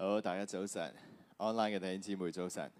好，大家早晨，online 嘅弟兄姊妹早晨。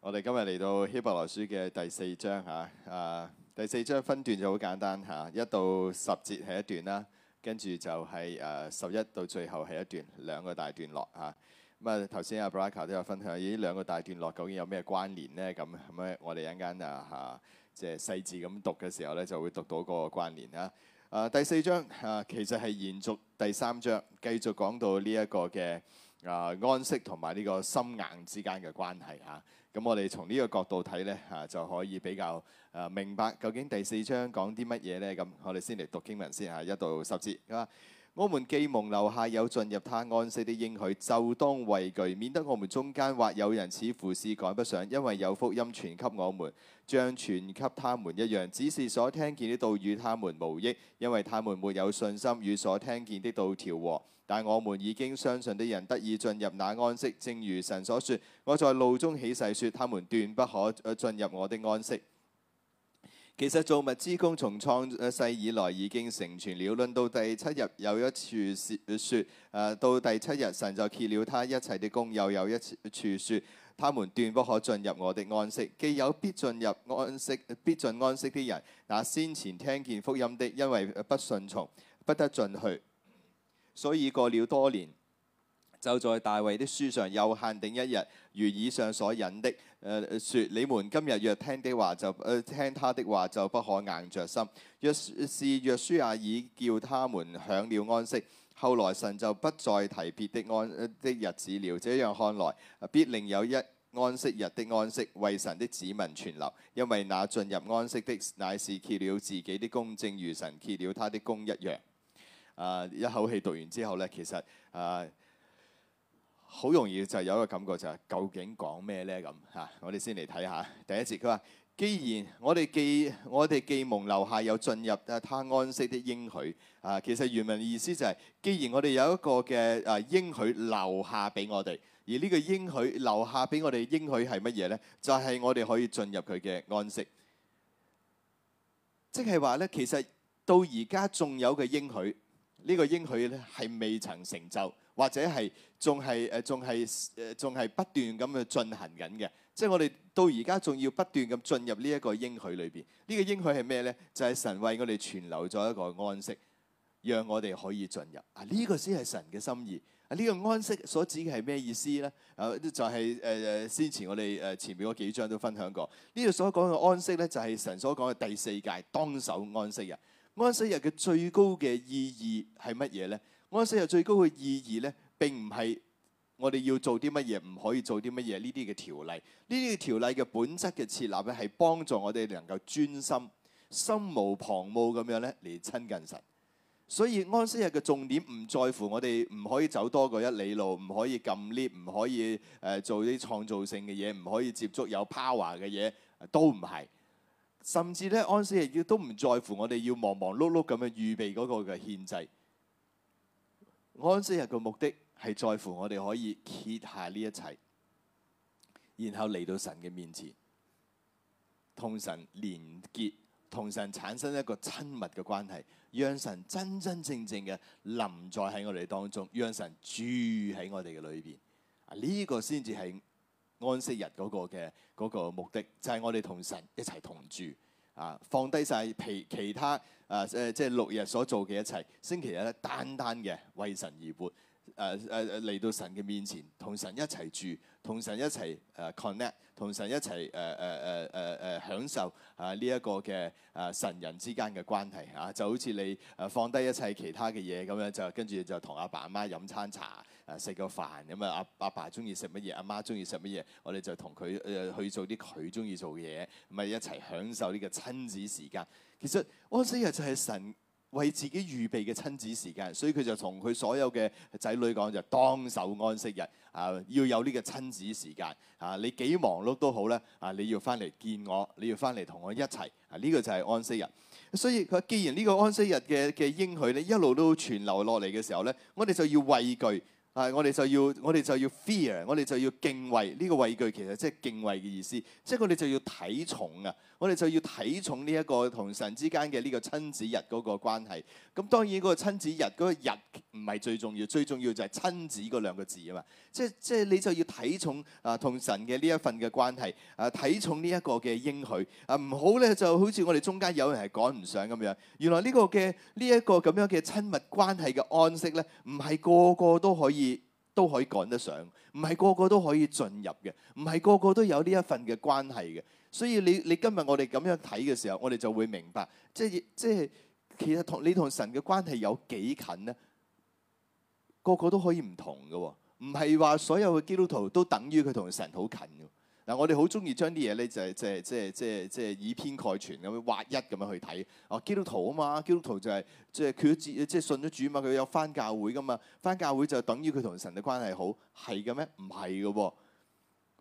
我哋今日嚟到希伯來書嘅第四章嚇，啊第四章分段就好簡單嚇、啊，一到十節係一段啦，跟、啊、住就係、是、誒、啊、十一到最後係一段，兩個大段落嚇。咁啊頭先阿布拉卡都有分享，咦，兩個大段落究竟有咩關聯咧？咁咁咧，我哋一陣間啊嚇、啊，即係細緻咁讀嘅時候咧，就會讀到個關聯啦。啊啊，第四章啊，其實係延續第三章，繼續講到呢一個嘅啊安息同埋呢個心硬之間嘅關係嚇。咁、啊、我哋從呢個角度睇咧嚇，就可以比較啊明白究竟第四章講啲乜嘢咧。咁我哋先嚟讀經文先嚇、啊，一到十節，啊。我們既蒙留下有進入他安息的應許，就當畏懼，免得我們中間或有人似乎是趕不上，因為有福音傳給我們，像傳給他們一樣。只是所聽見的道與他們無益，因為他們沒有信心與所聽見的道調和。但我們已經相信的人得以進入那安息，正如神所說：我在路中起誓說，他們斷不可進入我的安息。其實造物之工從創世以來已經成全了論。論到第七日有一處説説，到第七日神就歇了他一切的工。」又有一處説、啊，他們斷不可進入我的安息。既有必進入安息必進安息的人，那先前聽見福音的，因為不信從，不得進去。所以過了多年。就在大衛的書上又限定一日，如以上所引的。誒、呃、說，你們今日若聽的話就，就、呃、聽他的話，就不可硬着心。若是約書亞、啊、已叫他們享了安息，後來神就不再提別的安、呃、的日子了。這樣看來，必另有一安息日的安息，為神的子民存留，因為那進入安息的，乃是歇了自己的工，正如神歇了他的工一樣、呃。一口氣讀完之後呢，其實啊。呃好容易就係有一個感覺，就係究竟講咩呢？咁吓，我哋先嚟睇下第一節。佢話：既然我哋既我哋既蒙留下有進入啊，他安息的應許啊，其實原文意思就係，既然我哋有一個嘅啊應許留下俾我哋，而呢個應許留下俾我哋應許係乜嘢呢？就係我哋可以進入佢嘅安息。即係話呢，其實到而家仲有個應許，呢個應許呢係未曾成就。或者係仲係誒仲係誒仲係不斷咁去進行緊嘅，即係我哋到而家仲要不斷咁進入、這個、呢一個應許裏邊。呢個應許係咩咧？就係、是、神為我哋存留咗一個安息，讓我哋可以進入。啊，呢、這個先係神嘅心意。啊，呢、這個安息所指嘅係咩意思咧？啊，就係、是、誒、呃、先前我哋誒前面嗰幾章都分享過。呢度所講嘅安息咧，就係、是、神所講嘅第四誡當守安息日。安息日嘅最高嘅意義係乜嘢咧？安息日最高嘅意義咧，並唔係我哋要做啲乜嘢，唔可以做啲乜嘢呢啲嘅條例。呢啲嘅條例嘅本質嘅設立咧，係幫助我哋能夠專心、心無旁騖咁樣咧嚟親近神。所以安息日嘅重點唔在乎我哋唔可以走多過一里路，唔可以撳 lift，唔可以誒做啲創造性嘅嘢，唔可以接觸有 power 嘅嘢，都唔係。甚至咧，安息日亦都唔在乎我哋要忙忙碌碌咁樣預備嗰個嘅限制。安息日嘅目的係在乎我哋可以揭下呢一切，然後嚟到神嘅面前，同神連結，同神產生一個親密嘅關係，讓神真真正正嘅臨在喺我哋當中，讓神住喺我哋嘅裏邊。呢個先至係安息日嗰個嘅嗰個目的，就係我哋同神一齊同住。啊！放低晒其其他誒誒、啊，即係六日所做嘅一切，星期日咧單單嘅為神而活，誒誒嚟到神嘅面前，同神一齊住，同神一齊誒 connect，同神一齊誒誒誒誒誒享受啊呢一、這個嘅誒、啊、神人之間嘅關係啊，就好似你誒放低一切其他嘅嘢咁樣，就跟住就同阿爸阿媽飲餐茶。食個飯咁啊！阿阿爸中意食乜嘢，阿媽中意食乜嘢，我哋就同佢誒去做啲佢中意做嘅嘢，咪一齊享受呢個親子時間。其實安息日就係神為自己預備嘅親子時間，所以佢就同佢所有嘅仔女講，就當守安息日啊，要有呢個親子時間啊！你幾忙碌都好咧啊！你要翻嚟見我，你要翻嚟同我一齊啊！呢個就係安息日。所以佢既然呢個安息日嘅嘅應許咧，一路都傳流落嚟嘅時候咧，我哋就要畏懼。啊！我哋就要 ar，我哋就要 fear，我哋就要敬畏呢個畏懼，其實即係敬畏嘅意思，即係我哋就要睇重啊！我哋就要睇重呢一個同神之間嘅呢個親子日個關係，係。咁當然個親子日嗰個日唔係最重要，最重要就係親子嗰兩個字啊嘛！即係即係你就要睇重啊，同神嘅呢一份嘅關係啊，睇重呢一個嘅應許啊，唔好咧就好似我哋中間有人係趕唔上咁樣。原來呢個嘅呢一個咁樣嘅親密關係嘅安息咧，唔係個個都可以。都可以趕得上，唔係個個都可以進入嘅，唔係個個都有呢一份嘅關係嘅。所以你你今日我哋咁樣睇嘅時候，我哋就會明白，即係即係其實同你同神嘅關係有幾近呢？個個都可以唔同嘅，哦，唔係話所有嘅基督徒都等於佢同神好近嘅。嗱，我哋好中意將啲嘢咧，就係即係即係即係即係以偏概全咁樣劃一咁樣去睇哦。基督徒啊嘛，基督徒就係即係佢接即係信咗主嘛，佢有返教會㗎嘛，返教會就等於佢同神嘅關係好，係嘅咩？唔係嘅喎，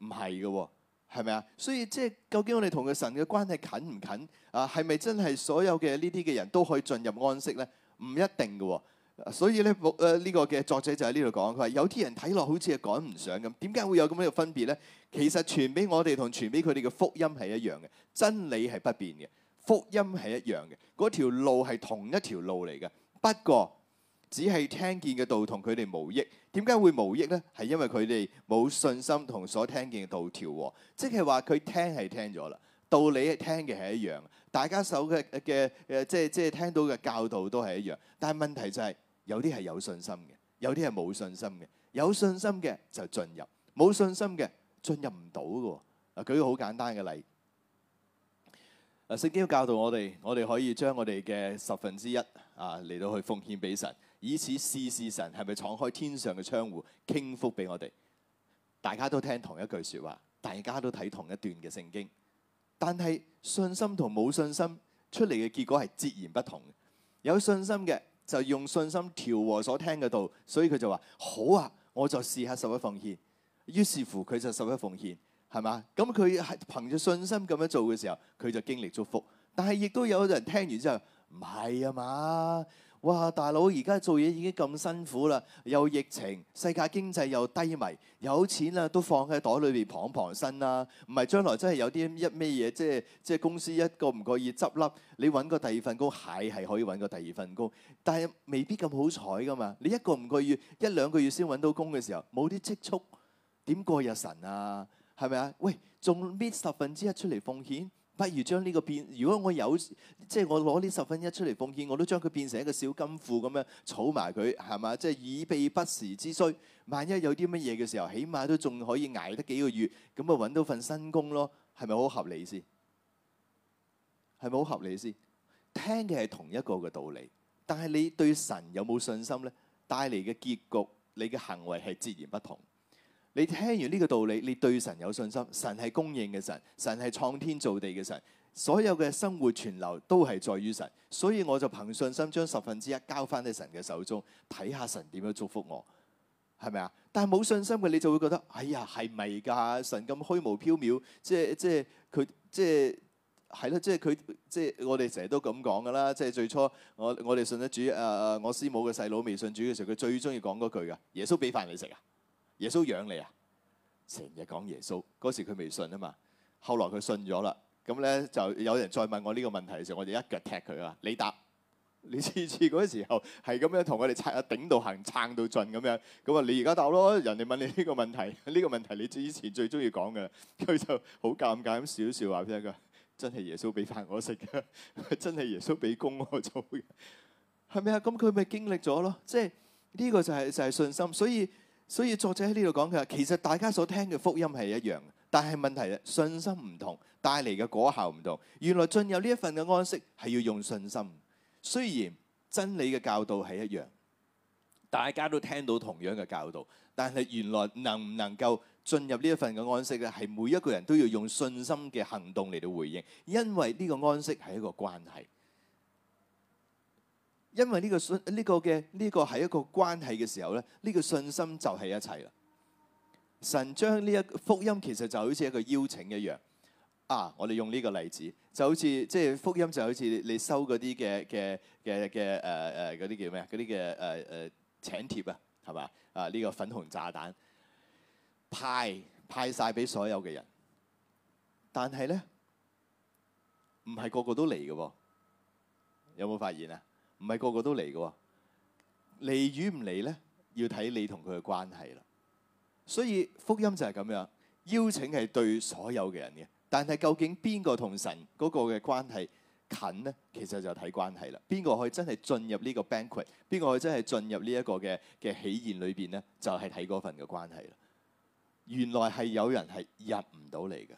唔係嘅喎，係咪啊？所以即係、即係、究竟我哋同佢神嘅關係近唔近啊？係咪真係所有嘅呢啲嘅人都可以進入安息咧？唔一定嘅喎、哦。所以咧，誒、呃、呢、這個嘅作者就喺呢度講，佢話有啲人睇落好似係趕唔上咁，點解會有咁樣嘅分別咧？其實傳俾我哋同傳俾佢哋嘅福音係一樣嘅，真理係不變嘅，福音係一樣嘅，嗰條路係同一條路嚟嘅。不過只係聽見嘅道同佢哋無益，點解會無益咧？係因為佢哋冇信心同所聽見嘅道調和，即係話佢聽係聽咗啦，道理係聽嘅係一樣，大家手嘅嘅誒即係即係聽到嘅教導都係一樣，但係問題就係、是。有啲係有信心嘅，有啲係冇信心嘅。有信心嘅就進入，冇信心嘅進入唔到嘅。啊，舉個好簡單嘅例。啊，聖經教導我哋，我哋可以將我哋嘅十分之一啊嚟到去奉獻俾神，以此試試神係咪敞開天上嘅窗戶傾福俾我哋。大家都聽同一句説話，大家都睇同一段嘅聖經，但係信心同冇信心出嚟嘅結果係截然不同嘅。有信心嘅。就用信心調和所聽嘅道，所以佢就話：好啊，我就試下十一奉獻。於是乎佢就十一奉獻，係嘛？咁佢係憑住信心咁樣做嘅時候，佢就經歷祝福。但係亦都有人聽完之後唔係啊嘛。哇！大佬，而家做嘢已經咁辛苦啦，又疫情，世界經濟又低迷，有錢啦都放喺袋裏邊傍一傍身啦、啊。唔係將來真係有啲一咩嘢，即係即係公司一個唔覺意執笠，你揾個第二份工，蟹係可以揾個第二份工，但係未必咁好彩㗎嘛。你一個唔覺意，一兩個月先揾到工嘅時候，冇啲積蓄點過日神啊？係咪啊？喂，仲搣十分之一出嚟奉獻？不如將呢個變，如果我有即係我攞呢十分一出嚟奉獻，我都將佢變成一個小金庫咁樣儲埋佢，係嘛？即係以備不時之需。萬一有啲乜嘢嘅時候，起碼都仲可以捱得幾個月，咁啊揾到份新工咯，係咪好合理先？係咪好合理先？聽嘅係同一個嘅道理，但係你對神有冇信心咧？帶嚟嘅結局，你嘅行為係截然不同。你聽完呢個道理，你對神有信心，神係供應嘅神，神係創天造地嘅神，所有嘅生活存留都係在於神，所以我就憑信心將十分之一交翻喺神嘅手中，睇下神點樣祝福我，係咪啊？但係冇信心嘅你就會覺得，哎呀，係咪㗎？神咁虛無縹緲，即係即係佢即係係啦，即係佢即係我哋成日都咁講㗎啦。即係最初我我哋信得主，誒、啊、誒，我師母嘅細佬未信主嘅時候，佢最中意講嗰句嘅，耶穌俾飯你食啊！耶穌養你啊！成日講耶穌嗰時，佢未信啊嘛。後來佢信咗啦，咁咧就有人再問我呢個問題嘅時候，我就一腳踢佢啦。你答你次次嗰時候係咁樣同佢哋擦頂到行撐到盡咁樣咁啊！你而家答咯，人哋問你呢個問題，呢個問題你之前最中意講嘅佢就好尷尬咁笑一笑話俾佢，真係耶穌俾飯我食嘅，真係耶穌俾工我做嘅，係咪啊？咁佢咪經歷咗咯，即係呢個就係就係信心，所以。所以作者喺呢度講，佢話其實大家所聽嘅福音係一樣，但係問題信心唔同，帶嚟嘅果效唔同。原來進入呢一份嘅安息係要用信心，雖然真理嘅教導係一樣，大家都聽到同樣嘅教導，但係原來能唔能夠進入呢一份嘅安息咧，係每一個人都要用信心嘅行動嚟到回應，因為呢個安息係一個關係。因為呢個信呢個嘅呢個係一個關係嘅時候咧，呢個信心就係一切啦。神將呢一福音其實就好似一個邀請一樣啊！我哋用呢個例子，就好似即係福音就好似你收嗰啲嘅嘅嘅嘅誒誒嗰啲叫咩嗰啲嘅誒誒請帖啊，係嘛啊？呢個粉紅炸彈派派曬俾所有嘅人，但係咧唔係個個都嚟嘅噃，有冇發現啊？唔係個個都嚟嘅啊，嚟與唔嚟呢，要睇你同佢嘅關係啦。所以福音就係咁樣，邀請係對所有嘅人嘅，但係究竟邊個同神嗰個嘅關係近呢？其實就睇關係啦。邊個可以真係進入呢個 banquet？邊個可以真係進入呢一個嘅嘅喜宴裏邊呢？就係睇嗰份嘅關係啦。原來係有人係入唔到嚟嘅，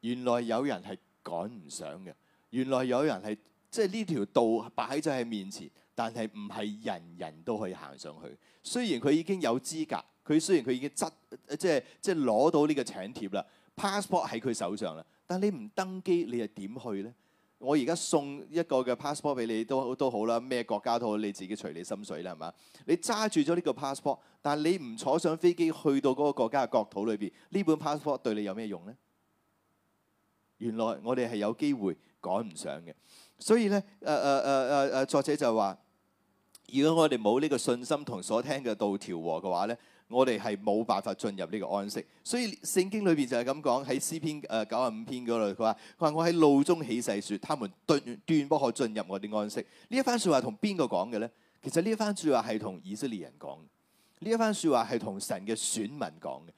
原來有人係趕唔上嘅，原來有人係。即係呢條道擺喺就係面前，但係唔係人人都可以行上去。雖然佢已經有資格，佢雖然佢已經執即係即係攞到呢個請帖啦，passport 喺佢手上啦，但你唔登機，你係點去呢？我而家送一個嘅 passport 俾你都都好啦，咩國家都好，你自己隨你心水啦，係嘛？你揸住咗呢個 passport，但係你唔坐上飛機去到嗰個國家嘅國土裏邊，呢本 passport 對你有咩用呢？原來我哋係有機會。趕唔上嘅，所以咧，誒誒誒誒誒，作者就話，如果我哋冇呢個信心同所聽嘅道調和嘅話咧，我哋係冇辦法進入呢個安息。所以聖經裏邊就係咁講，喺詩篇誒九十五篇嗰度，佢話，佢話我喺路中起誓説，他們斷斷不可進入我哋安息。番說呢一番説話同邊個講嘅咧？其實呢一番説話係同以色列人講，呢一番説話係同神嘅選民講嘅。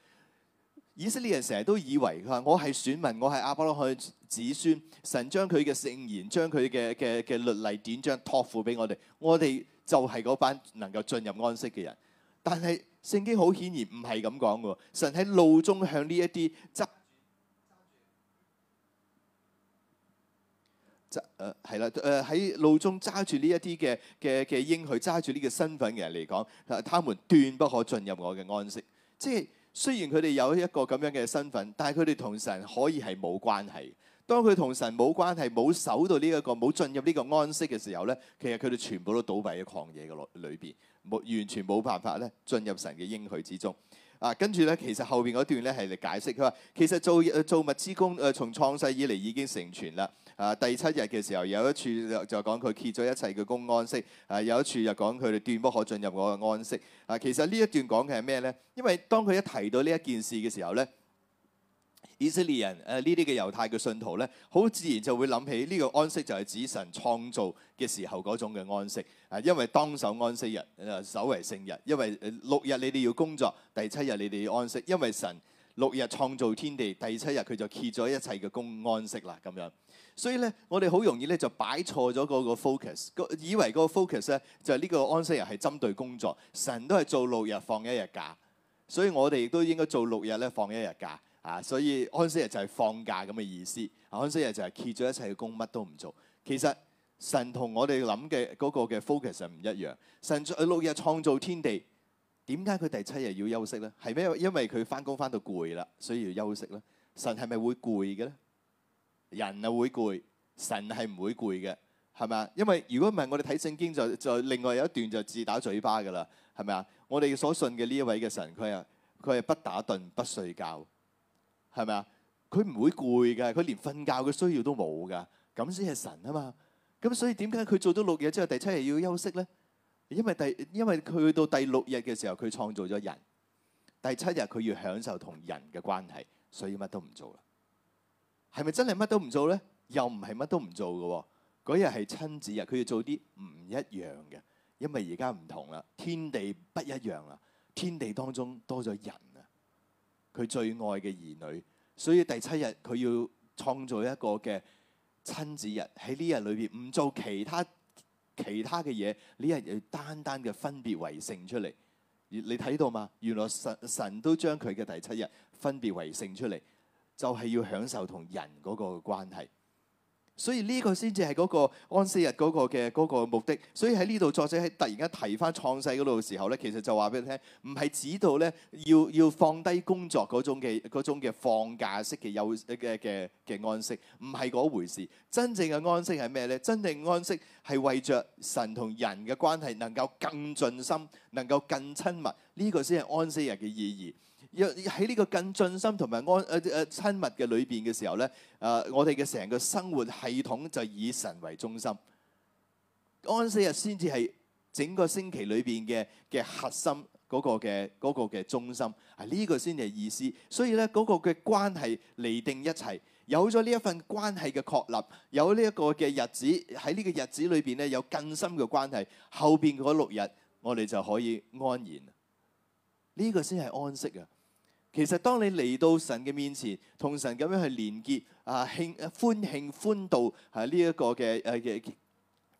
以色列人成日都以為佢話：我係選民，我係亞伯拉罕子孫，神將佢嘅聖言、將佢嘅嘅嘅律例典章託付俾我哋，我哋就係嗰班能夠進入安息嘅人。但係聖經好顯然唔係咁講嘅，神喺路中向呢一啲執執誒係啦誒喺路中揸住呢一啲嘅嘅嘅應許、揸住呢個身份嘅人嚟講，嗱，他們斷不可進入我嘅安息。即係。雖然佢哋有一個咁樣嘅身份，但係佢哋同神可以係冇關係。當佢同神冇關係、冇守到呢、這、一個、冇進入呢個安息嘅時候咧，其實佢哋全部都倒閉喺曠野嘅裏邊，冇完全冇辦法咧進入神嘅應許之中。啊，跟住咧，其實後邊嗰段咧係嚟解釋，佢話其實造造物之工誒，從、呃、創世以嚟已經成全啦。啊！第七日嘅時候，有一處就講佢揭咗一切嘅工安息；啊，有一處就講佢哋斷不可進入我嘅安息。啊，其實呢一段講嘅係咩呢？因為當佢一提到呢一件事嘅時候呢，以色列人誒呢啲嘅猶太嘅信徒呢，好自然就會諗起呢個安息就係指神創造嘅時候嗰種嘅安息啊，因為當守安息日誒，守為聖日，因為六日你哋要工作，第七日你哋要安息，因為神六日創造天地，第七日佢就揭咗一切嘅工安息啦，咁樣。所以咧，我哋好容易咧就擺錯咗嗰個 focus，以為個 focus 咧就係呢個安息日係針對工作，神都係做六日放一日假，所以我哋亦都應該做六日咧放一日假啊，所以安息日就係放假咁嘅意思，安息日就係歇咗一切嘅工，乜都唔做。其實神同我哋諗嘅嗰個嘅 focus 係唔一樣，神在六日創造天地，點解佢第七日要休息咧？係咩？因為佢翻工翻到攰啦，所以要休息咧。神係咪會攰嘅咧？人啊會攰，神係唔會攰嘅，係咪啊？因為如果唔係我哋睇聖經就就另外有一段就自打嘴巴噶啦，係咪啊？我哋所信嘅呢一位嘅神，佢啊佢係不打盹不睡覺，係咪啊？佢唔會攰噶，佢連瞓覺嘅需要都冇噶，咁先係神啊嘛。咁所以點解佢做咗六日之後第七日要休息咧？因為第因為佢去到第六日嘅時候，佢創造咗人，第七日佢要享受同人嘅關係，所以乜都唔做啦。係咪真係乜都唔做呢？又唔係乜都唔做㗎喎。嗰日係親子日，佢要做啲唔一樣嘅，因為而家唔同啦，天地不一樣啦，天地當中多咗人啊，佢最愛嘅兒女，所以第七日佢要創造一個嘅親子日，喺呢日裏邊唔做其他其他嘅嘢，呢日要單單嘅分別為聖出嚟。你睇到嘛？原來神神都將佢嘅第七日分別為聖出嚟。就係要享受同人嗰個關係，所以呢個先至係嗰個安息日嗰個嘅嗰目的。所以喺呢度作者喺突然間提翻創世嗰度嘅時候咧，其實就話俾你聽，唔係指到咧要要放低工作嗰種嘅嗰嘅放假式嘅休嘅嘅嘅安息，唔係嗰回事。真正嘅安息係咩咧？真正安息係為着神同人嘅關係能夠更盡心，能夠更親密，呢個先係安息日嘅意義。喺呢個更進心同埋安誒誒親密嘅裏邊嘅時候咧，誒、呃、我哋嘅成個生活系統就以神為中心，安息日先至係整個星期裏邊嘅嘅核心嗰、那個嘅嗰嘅中心啊！呢、這個先係意思。所以咧嗰、那個嘅關係嚟定一齊，有咗呢一份關係嘅確立，有呢一個嘅日子喺呢個日子裏邊咧有更深嘅關係，後邊嗰六日我哋就可以安然。呢、這個先係安息啊！其實當你嚟到神嘅面前，同神咁樣去連結啊，慶歡慶歡度啊呢一個嘅誒嘅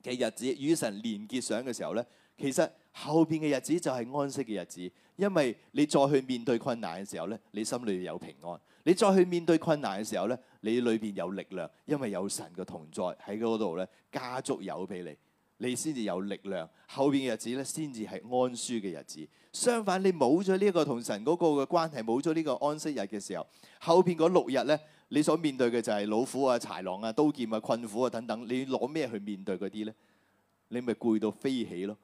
嘅日子，與神連結上嘅時候咧，其實後邊嘅日子就係安息嘅日子，因為你再去面對困難嘅時候咧，你心裏有平安；你再去面對困難嘅時候咧，你裏邊有力量，因為有神嘅同在喺嗰度咧，加足油俾你。你先至有力量，後邊嘅日子咧，先至係安舒嘅日子。相反，你冇咗呢一個同神嗰個嘅關係，冇咗呢個安息日嘅時候，後邊嗰六日咧，你所面對嘅就係老虎啊、豺狼啊、刀劍啊、困苦啊等等。你攞咩去面對嗰啲咧？你咪攰到飛起咯。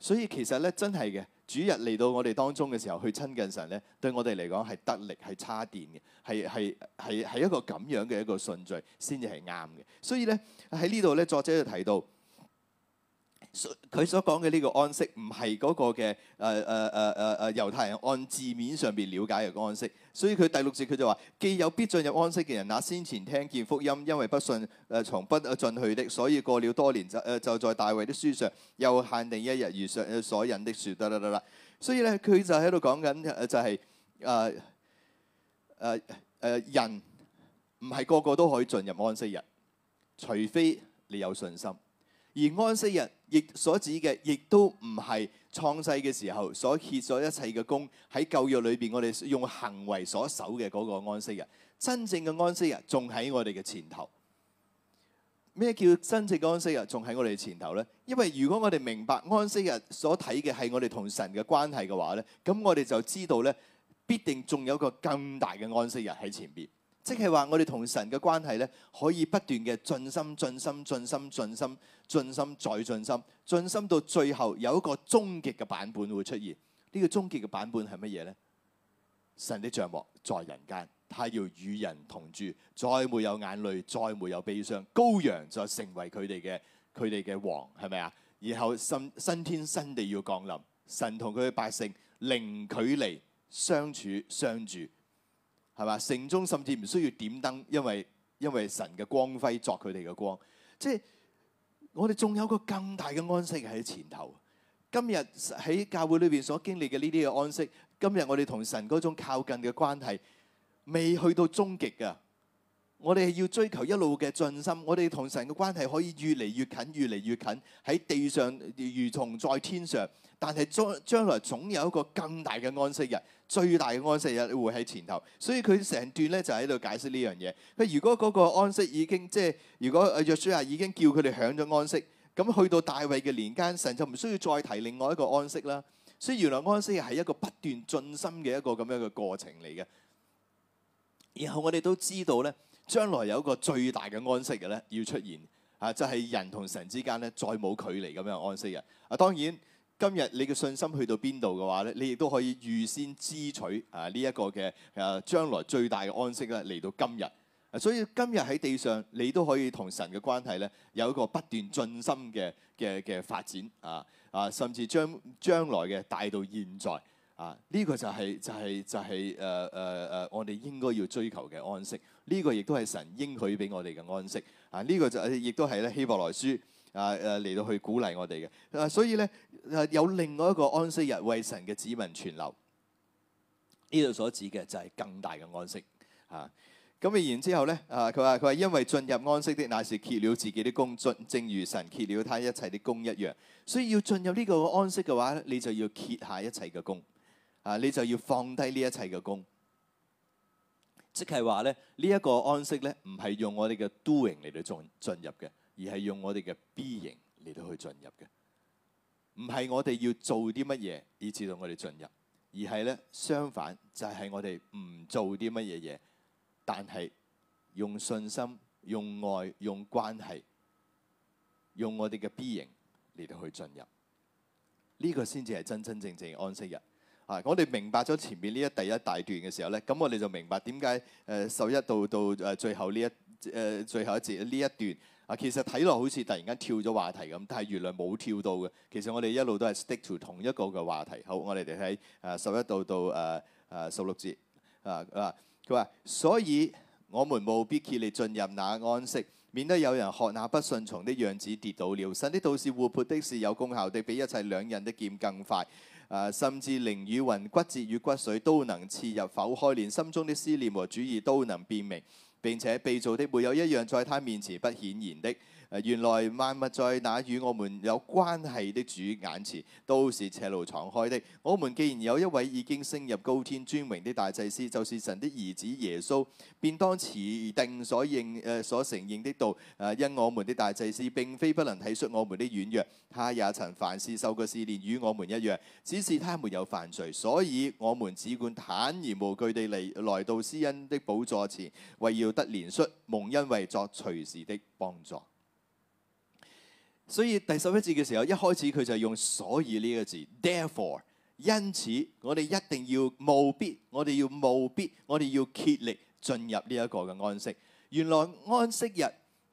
所以其實咧，真係嘅，主日嚟到我哋當中嘅時候，去親近神咧，對我哋嚟講係得力、係差電嘅，係係係係一個咁樣嘅一個順序先至係啱嘅。所以咧喺呢度咧，作者就提到。佢所講嘅呢個安息，唔係嗰個嘅誒誒誒誒誒猶太人按字面上邊了解嘅安息，所以佢第六節佢就話：既有必進入安息嘅人，那先前聽見福音因為不信誒從、呃、不進去的，所以過了多年就誒、呃、就在大衛的書上又限定一日如上所引的説。等等等啦，所以咧佢就喺度講緊就係誒誒誒人唔係個個都可以進入安息日，除非你有信心。而安息日亦所指嘅，亦都唔係創世嘅時候所歇咗一切嘅功。喺舊約裏邊，我哋用行為所守嘅嗰個安息日。真正嘅安息日仲喺我哋嘅前頭。咩叫真正嘅安息日仲喺我哋前頭呢？因為如果我哋明白安息日所睇嘅係我哋同神嘅關係嘅話呢，咁我哋就知道呢必定仲有個更大嘅安息日喺前面。即係話我哋同神嘅關係呢，可以不斷嘅進心進心進心進心進心再進心，進心，心，心，心，心，心到最後有一個終極嘅版本會出現。呢、這個終極嘅版本係乜嘢呢？神的帳幕在人間，他要與人同住，再沒有眼淚，再沒有悲傷，羔羊就成為佢哋嘅佢哋嘅王，係咪啊？然後新新天新地要降臨，神同佢嘅百姓零距離相處相住。係嘛？城中甚至唔需要點燈，因為因為神嘅光輝作佢哋嘅光。即係我哋仲有個更大嘅安息喺前頭。今日喺教會裏邊所經歷嘅呢啲嘅安息，今日我哋同神嗰種靠近嘅關係，未去到終極嘅。我哋係要追求一路嘅進心。我哋同神嘅關係可以越嚟越近，越嚟越近。喺地上如同在天上，但係將將來總有一個更大嘅安息日。最大嘅安息日會喺前頭，所以佢成段咧就喺度解釋呢樣嘢。佢如果嗰個安息已經即係，如果約書亞已經叫佢哋享咗安息，咁去到大衛嘅年間，神就唔需要再提另外一個安息啦。所以原來安息日係一個不斷進深嘅一個咁樣嘅過程嚟嘅。然後我哋都知道咧，將來有一個最大嘅安息嘅咧要出現，啊就係人同神之間咧再冇距離咁樣安息日。啊當然。今日你嘅信心去到邊度嘅話咧，你亦都可以預先支取啊呢一個嘅啊將來最大嘅安息咧嚟到今日，所以今日喺地上你都可以同神嘅關係咧有一個不斷進深嘅嘅嘅發展啊啊，甚至將將來嘅帶到現在啊，呢個就係就係就係誒誒誒我哋應該要追求嘅安息，呢個亦都係神應許俾我哋嘅安息啊，呢個就亦都係咧希伯來書。啊！誒嚟到去鼓勵我哋嘅，所以咧有另外一個安息日為神嘅子民存留。呢度所指嘅就係更大嘅安息。嚇、啊！咁然之後咧，啊佢話佢話，因為進入安息的，乃是歇了自己的工，進正如神歇了他一切的工一樣。所以要進入呢個安息嘅話，你就要歇下一切嘅工，啊，你就要放低呢一切嘅工。即係話咧，呢、這、一個安息咧，唔係用我哋嘅 doing 嚟到進進入嘅。而係用我哋嘅 being 嚟到去進入嘅，唔係我哋要做啲乜嘢，以至到我哋進入，而係咧相反就係我哋唔做啲乜嘢嘢，但係用信心、用愛、用關係、用我哋嘅 being 嚟到去進入呢個先至係真真正正嘅安息日啊！我哋明白咗前面呢一第一大段嘅時候咧，咁我哋就明白點解誒十一到到誒最後呢一誒最後一節呢一段。啊，其實睇落好似突然間跳咗話題咁，但係原來冇跳到嘅。其實我哋一路都係 stick to 同一個嘅話題。好，我哋嚟睇誒十一度到誒誒十六節。啊、呃、啊，佢、呃、話、呃，所以我們務必竭力進入那安息，免得有人學那不順從的樣子跌倒了。神的道是活潑的，是有功效的，比一切兩刃的劍更快。誒、呃，甚至靈與魂、骨節與骨髓都能刺入剖開，連心中的思念和主意都能辨明。並且被造的沒有一樣在他面前不顯然的。原來萬物在那與我們有關係的主眼前都是赤露敞開的。我們既然有一位已經升入高天尊榮的大祭司，就是神的兒子耶穌，便當持定所認、呃、所承認的道、呃。因我們的大祭司並非不能體恤我們的軟弱，他也曾凡事受過試煉與我們一樣，只是他沒有犯罪，所以我們只管坦然無懼地嚟來，來到施恩的寶座前，為要得憐恤，蒙恩惠作隨時的幫助。所以第十一節嘅時候，一開始佢就係用所以呢個字，Therefore，因此，我哋一定要務必，我哋要務必，我哋要竭力進入呢一個嘅安息。原來安息日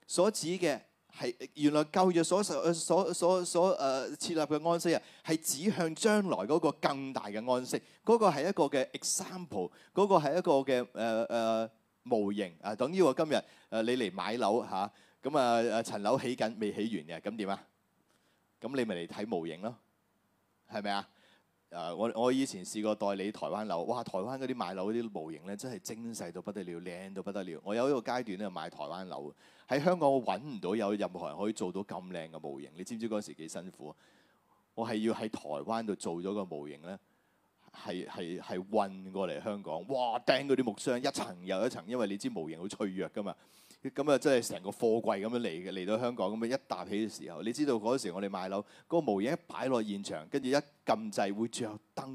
所指嘅係原來舊約所所所所誒設立嘅安息日係指向將來嗰個更大嘅安息，嗰個係一個嘅 example，嗰個係一個嘅誒誒模型啊，等於我今日誒你嚟買樓嚇。咁啊，嗯、呃、層樓起緊，未起完嘅，咁點啊？咁你咪嚟睇模型咯，係咪啊？啊、呃，我我以前試過代理台灣樓，哇！台灣嗰啲賣樓嗰啲模型咧，真係精細到不得了，靚到不得了。我有一個階段咧，賣台灣樓喺香港，我揾唔到有任何人可以做到咁靚嘅模型。你知唔知嗰時幾辛苦？我係要喺台灣度做咗個模型咧，係係係運過嚟香港，哇！掟嗰啲木箱一層又一層，因為你知模型好脆弱噶嘛。咁啊，真係成個貨櫃咁樣嚟嘅，嚟到香港咁樣一搭起嘅時候，你知道嗰時我哋買樓嗰個模型一擺落現場，跟住一撳掣會着燈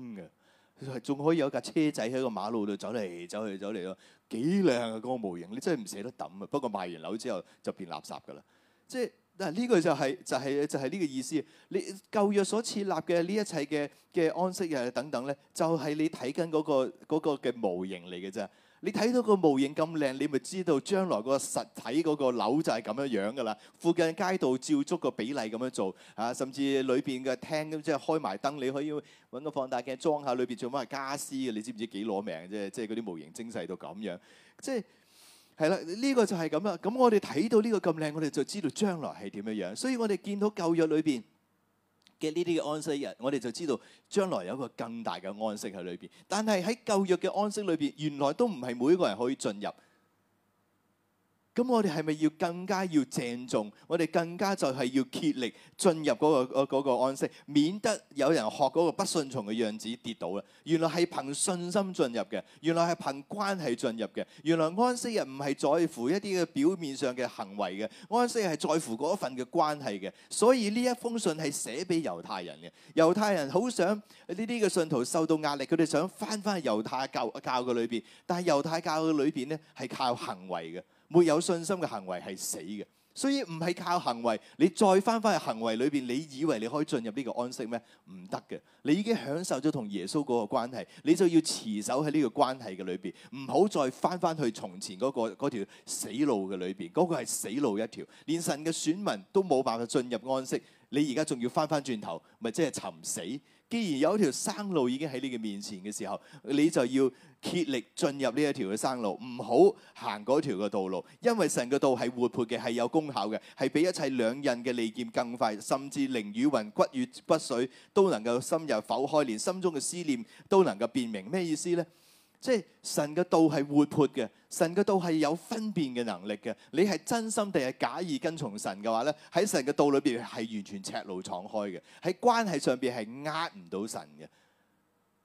嘅，仲可以有架車仔喺個馬路度走嚟走去走嚟咯，幾靚啊！嗰個模型你真係唔捨得抌啊！不過賣完樓之後就變垃圾㗎啦。即係嗱，呢個就係就係就係呢個意思。你舊約所設立嘅呢一切嘅嘅安息日等等咧，就係你睇緊嗰個嗰個嘅模型嚟嘅啫。你睇到個模型咁靚，你咪知道將來個實體嗰個樓就係咁樣樣噶啦。附近街道照足個比例咁樣做，啊，甚至裏邊嘅廳咁即係開埋燈，你可以搵個放大鏡裝下裏邊做乜家私嘅，你知唔知幾攞命啫？即係嗰啲模型精細到咁樣，即係係啦，呢個就係咁啦。咁我哋睇到呢個咁靚，我哋就知道將來係點樣樣。所以我哋見到舊約裏邊，嘅呢啲嘅安息日，我哋就知道將來有一個更大嘅安息喺裏邊。但係喺舊約嘅安息裏邊，原來都唔係每個人可以進入。咁我哋係咪要更加要鄭重？我哋更加就係要竭力進入嗰個嗰個嗰個安息，免得有人學嗰個不信從嘅樣子跌倒啦。原來係憑信心進入嘅，原來係憑關係進入嘅。原來安息人唔係在乎一啲嘅表面上嘅行為嘅，安息係在乎嗰一份嘅關係嘅。所以呢一封信係寫俾猶太人嘅，猶太人好想呢啲嘅信徒受到壓力，佢哋想返返去猶太教教嘅裏邊，但係猶太教嘅裏邊呢，係靠行為嘅。沒有信心嘅行為係死嘅，所以唔係靠行為。你再翻翻去行為裏邊，你以為你可以進入呢個安息咩？唔得嘅，你已經享受咗同耶穌嗰個關係，你就要持守喺呢個關係嘅裏邊，唔好再翻翻去從前嗰個、嗰條死路嘅裏邊。嗰個係死路一條，連神嘅選民都冇辦法進入安息。你而家仲要翻翻轉頭，咪即係尋死？既然有一條生路已經喺你嘅面前嘅時候，你就要竭力進入呢一條嘅生路，唔好行嗰條嘅道路，因為神嘅道係活潑嘅，係有功效嘅，係比一切兩刃嘅利劍更快，甚至靈與魂、骨與骨髓都能夠深入剖開，連心中嘅思念都能夠辨明，咩意思呢？即係神嘅道係活潑嘅，神嘅道係有分辨嘅能力嘅。你係真心定係假意跟從神嘅話咧，喺神嘅道裏邊係完全赤露敞開嘅，喺關係上邊係呃唔到神嘅。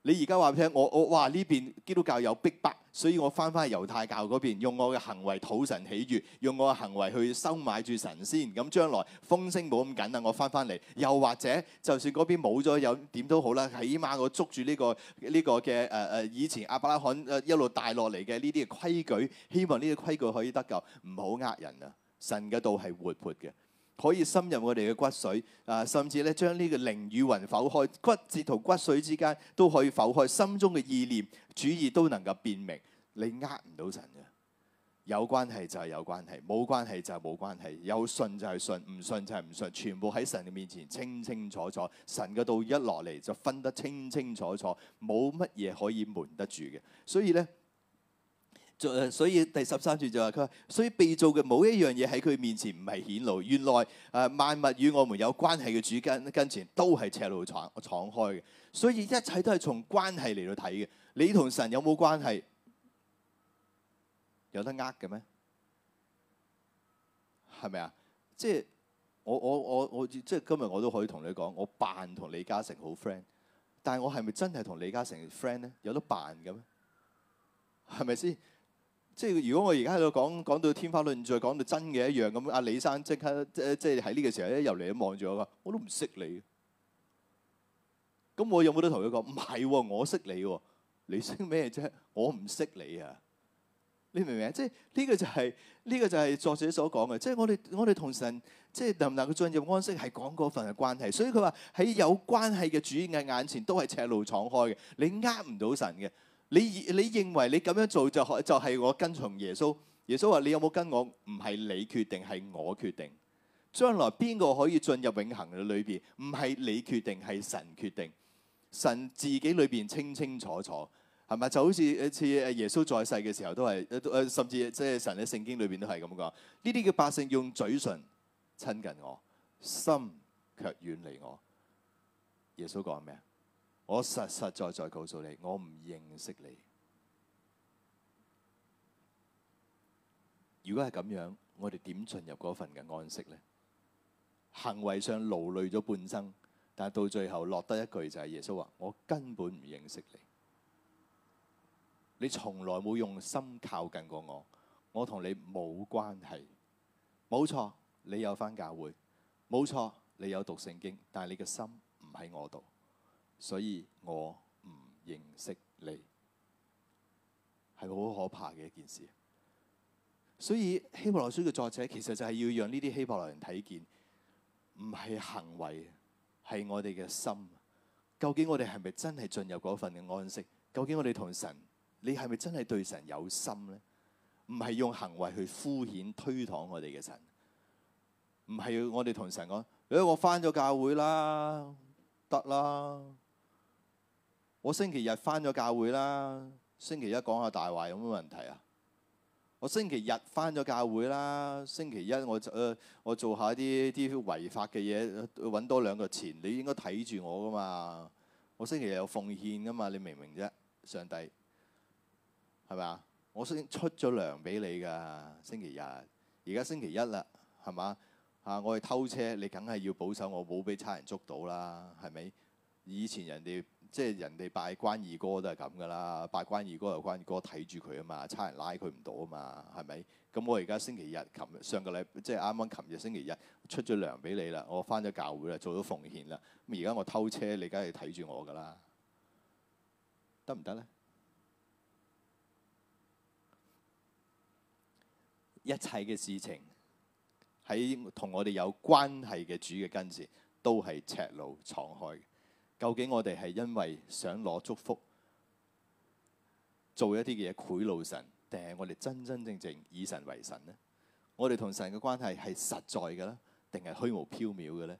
你而家話聽我，我哇呢邊基督教有逼迫，所以我翻翻去猶太教嗰邊，用我嘅行為討神喜悅，用我嘅行為去收買住神先。咁將來風聲冇咁緊啦，我翻翻嚟，又或者就算嗰邊冇咗有點都好啦，起碼我捉住呢個呢個嘅誒誒以前阿伯拉罕誒一路帶落嚟嘅呢啲規矩，希望呢啲規矩可以得救。唔好呃人啊！神嘅道係活潑嘅。可以深入我哋嘅骨髓，啊，甚至咧將呢個靈與魂剖開，骨節同骨髓之間都可以剖開，心中嘅意念主意都能夠辨明，你呃唔到神嘅。有關係就係有關係，冇關係就係冇關係，有信就係信，唔信就係唔信，全部喺神嘅面前清清楚楚，神嘅道一落嚟就分得清清楚楚，冇乜嘢可以瞞得住嘅。所以咧。所以第十三節就話佢話，所以被造嘅冇一樣嘢喺佢面前唔係顯露，原來誒、啊、萬物與我們有關係嘅主根跟前都係赤露敞敞開嘅。所以一切都係從關係嚟到睇嘅。你同神有冇關係？有得呃嘅咩？係咪啊？即係我我我我即係今日我都可以同你講，我扮同李嘉誠好 friend，但係我係咪真係同李嘉誠 friend 咧？有得扮嘅咩？係咪先？即係如果我而家喺度講講到天花亂墜，講到真嘅一樣咁，阿李生即刻即即係喺呢個時候一入嚟都望住我㗎，我都唔識你。咁我有冇得同佢講？唔係、啊，我識你喎、啊，你識咩啫、啊？我唔識你啊！你明唔明啊？即係呢、呢個就係、係、呢、呢個就係作者所講嘅，即係我哋我哋同神即係能唔能夠進入安息係講嗰份嘅關係。所以佢話喺有關係嘅主嘅眼前都係赤露敞開嘅，你呃唔到神嘅。你你認為你咁樣做就可就係我跟從耶穌？耶穌話：你有冇跟我？唔係你決定，係我決定。將來邊個可以進入永恆嘅裏邊？唔係你決定，係神決定。神自己裏邊清清楚楚，係咪？就好似似耶穌在世嘅時候都係，甚至即係神嘅聖經裏邊都係咁講。呢啲叫百姓用嘴唇親近我，心卻遠離我。耶穌講咩？我實實在在告訴你，我唔認識你。如果係咁樣，我哋點進入嗰份嘅安息呢？行為上勞累咗半生，但係到最後落得一句就係耶穌話：我根本唔認識你，你從來冇用心靠近過我，我同你冇關係。冇錯，你有返教會，冇錯，你有讀聖經，但係你嘅心唔喺我度。所以我唔認識你，係好可怕嘅一件事。所以希伯來書嘅作者其實就係要讓呢啲希伯來人睇見，唔係行為，係我哋嘅心。究竟我哋係咪真係進入嗰份嘅安息？究竟我哋同神，你係咪真係對神有心呢？唔係用行為去敷衍推搪我哋嘅神，唔係要我哋同神講，如果我返咗教會啦，得啦。我星期日翻咗教會啦，星期一講下大話有咩問題啊？我星期日翻咗教會啦，星期一我就，呃、我做下啲啲違法嘅嘢，揾多兩個錢。你應該睇住我噶嘛？我星期日有奉獻噶嘛？你明唔明啫？上帝係咪啊？我星出咗糧俾你㗎。星期日而家星期一啦，係嘛啊？我去偷車，你梗係要保守我，冇俾差人捉到啦，係咪？以前人哋。即係人哋拜關二哥都係咁噶啦，拜關二哥有關二哥睇住佢啊嘛，差人拉佢唔到啊嘛，係咪？咁我而家星期日琴上個禮，即係啱啱琴日星期日出咗糧俾你啦，我返咗教會啦，做咗奉獻啦。咁而家我偷車，你梗係睇住我噶啦，得唔得呢？一切嘅事情喺同我哋有關係嘅主嘅跟前，都係赤露敞開。究竟我哋係因為想攞祝福，做一啲嘢，賄賂神，定係我哋真真正正以神為神呢？我哋同神嘅關係係實在嘅呢，定係虛無縹緲嘅呢？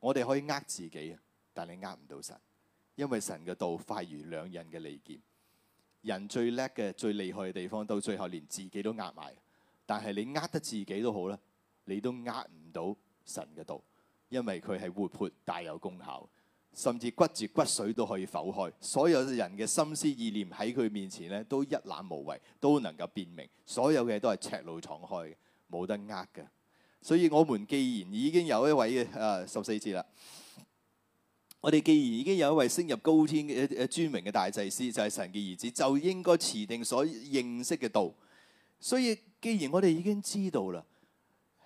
我哋可以呃自己，但你呃唔到神，因為神嘅道快如兩刃嘅利劍。人最叻嘅，最厲害嘅地方，到最後連自己都呃埋。但係你呃得自己都好啦，你都呃唔到神嘅道，因為佢係活潑，大有功效。甚至骨節骨髓都可以剖開，所有人嘅心思意念喺佢面前咧都一覽無遺，都能夠辨明，所有嘅都係赤露敞開冇得呃嘅。所以我們既然已經有一位嘅，啊，十四節啦，我哋既然已經有一位升入高天嘅誒、啊、尊榮嘅大祭司，就係、是、神嘅兒子，就應該持定所認識嘅道。所以既然我哋已經知道啦。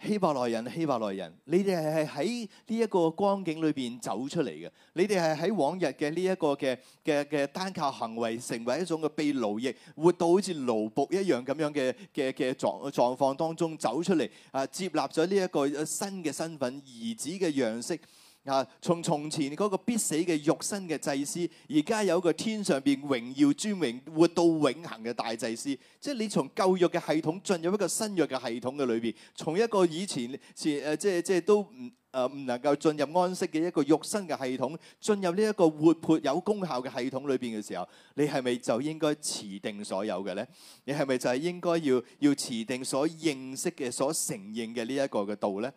希伯來人，希伯來人，你哋係喺呢一個光景裏邊走出嚟嘅，你哋係喺往日嘅呢一個嘅嘅嘅單靠行為成為一種嘅被奴役，活到好似奴僕一樣咁樣嘅嘅嘅狀狀況當中走出嚟，啊，接納咗呢一個新嘅身份，兒子嘅樣式。啊！從從前嗰個必死嘅肉身嘅祭司，而家有個天上邊榮耀尊榮、活到永恆嘅大祭司。即係你從舊約嘅系統進入一個新約嘅系統嘅裏邊，從一個以前前誒即係即係都唔誒唔能夠進入安息嘅一個肉身嘅系統，進入呢一個活潑有功效嘅系統裏邊嘅時候，你係咪就應該持定所有嘅呢？你係咪就係應該要要持定所認識嘅、所承認嘅呢一個嘅道呢？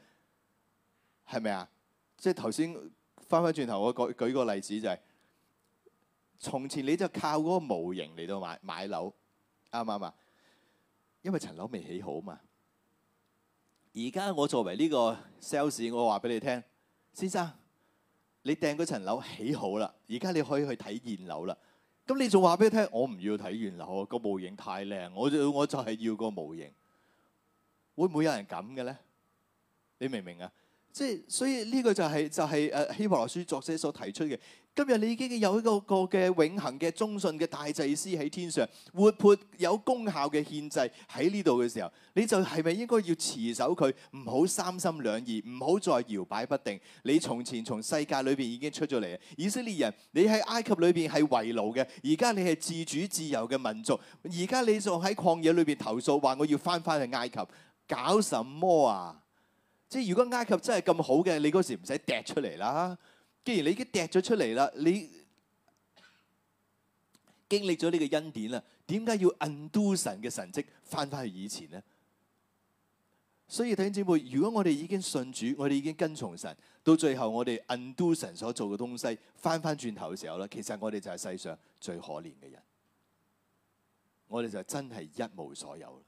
係咪啊？即係頭先翻返轉頭，我舉舉個例子就係：從前你就靠嗰個模型嚟到買買樓，啱唔啱？因為層樓未起好嘛。而家我作為呢個 sales，我話俾你聽，先生，你訂嗰層樓起好啦，而家你可以去睇現樓啦。咁你仲話俾佢聽，我唔要睇現樓，個模型太靚，我就我就係要個模型。會唔會有人咁嘅咧？你明唔明啊？即係所以呢個就係、是、就係、是、誒、啊、希伯來書作者所提出嘅。今日你已經有一個一個嘅永恆嘅忠信嘅大祭司喺天上，活潑有功效嘅獻祭喺呢度嘅時候，你就係咪應該要持守佢？唔好三心兩意，唔好再搖擺不定。你從前從世界裏邊已經出咗嚟，以色列人，你喺埃及裏邊係為奴嘅，而家你係自主自由嘅民族，而家你仲喺曠野裏邊投訴，話我要翻返去埃及，搞什麼啊？即係如果埃及真係咁好嘅，你嗰時唔使掟出嚟啦。既然你已經掟咗出嚟啦，你經歷咗呢個恩典啦，點解要 undo 神嘅神蹟翻翻去以前咧？所以弟兄姊妹，如果我哋已經信主，我哋已經跟從神，到最後我哋 undo 神所做嘅東西翻翻轉頭嘅時候咧，其實我哋就係世上最可憐嘅人，我哋就真係一無所有。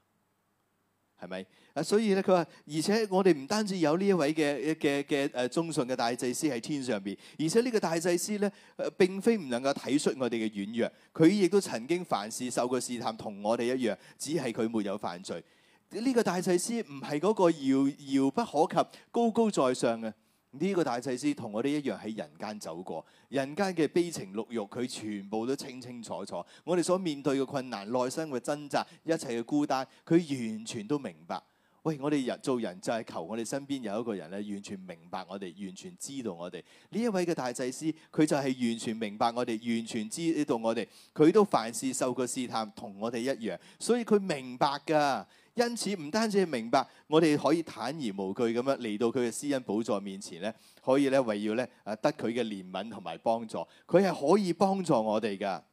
係咪？所以咧，佢話，而且我哋唔單止有呢一位嘅嘅嘅誒忠信嘅大祭司喺天上邊，而且呢個大祭司咧，並非唔能夠體恤我哋嘅軟弱，佢亦都曾經凡事受過試探，同我哋一樣，只係佢沒有犯罪。呢個大祭司唔係嗰個遙遙不可及、高高在上嘅。呢個大祭司同我哋一樣喺人間走過，人間嘅悲情六慾，佢全部都清清楚楚。我哋所面對嘅困難、內心嘅掙扎、一切嘅孤單，佢完全都明白。喂，我哋人做人就係求我哋身邊有一個人咧，完全明白我哋，完全知道我哋。呢一位嘅大祭司，佢就係完全明白我哋，完全知道我哋。佢都凡事受過試探，同我哋一樣，所以佢明白㗎。因此唔單止係明白，我哋可以坦然無懼咁樣嚟到佢嘅施恩寶座面前咧，可以咧為要咧誒得佢嘅憐憫同埋幫助，佢係可以幫助我哋噶。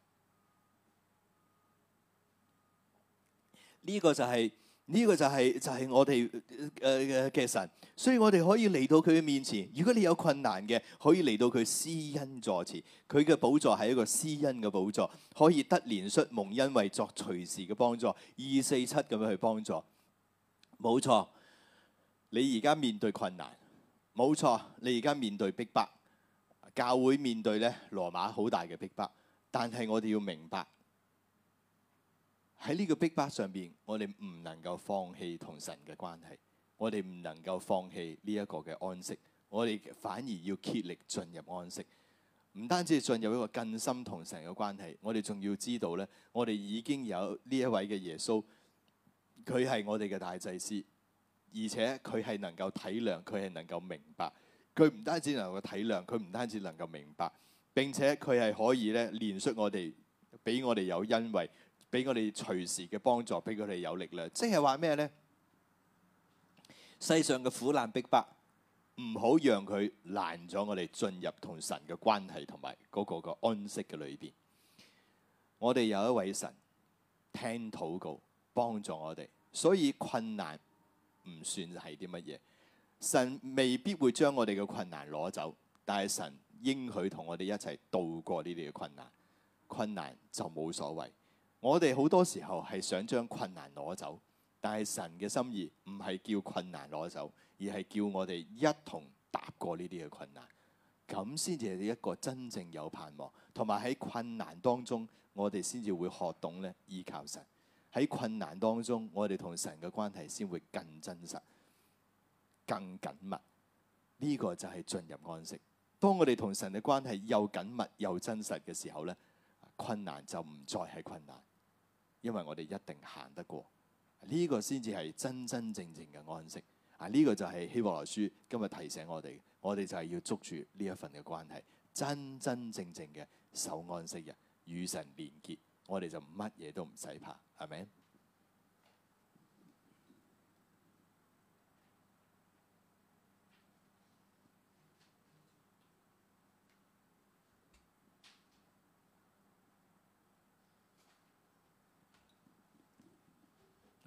呢個就係、是。呢個就係就係我哋誒嘅神，所以我哋可以嚟到佢嘅面前。如果你有困難嘅，可以嚟到佢施恩座前。佢嘅寶座係一個施恩嘅寶座，可以得憐恤蒙恩惠作隨時嘅幫助，二四七咁樣去幫助。冇錯，你而家面對困難，冇錯，你而家面對逼迫，教會面對咧羅馬好大嘅逼迫，但係我哋要明白。喺呢個逼迫上面，我哋唔能夠放棄同神嘅關係，我哋唔能夠放棄呢一個嘅安息，我哋反而要竭力進入安息。唔單止進入一個更深同神嘅關係，我哋仲要知道呢，我哋已經有呢一位嘅耶穌，佢係我哋嘅大祭司，而且佢係能夠體諒，佢係能夠明白，佢唔單止能夠體諒，佢唔單止能夠明白，並且佢係可以咧憐恤我哋，俾我哋有恩惠。俾我哋隨時嘅幫助，俾佢哋有力量，即係話咩呢？世上嘅苦難逼迫，唔好讓佢難咗我哋進入同神嘅關係，同埋嗰個安息嘅裏邊。我哋有一位神聽禱告，幫助我哋，所以困難唔算係啲乜嘢。神未必會將我哋嘅困難攞走，但係神應許同我哋一齊度過呢啲嘅困難。困難就冇所謂。我哋好多時候係想將困難攞走，但係神嘅心意唔係叫困難攞走，而係叫我哋一同踏過呢啲嘅困難，咁先至係一個真正有盼望。同埋喺困難當中，我哋先至會學懂咧依靠神。喺困難當中，我哋同神嘅關係先會更真實、更緊密。呢個就係進入安息。當我哋同神嘅關係又緊密又真實嘅時候呢，困難就唔再係困難。因為我哋一定行得過，呢、這個先至係真真正正嘅安息。啊，呢個就係希伯來書今日提醒我哋，我哋就係要捉住呢一份嘅關係，真真正正嘅守安息日，與神連結，我哋就乜嘢都唔使怕，係咪？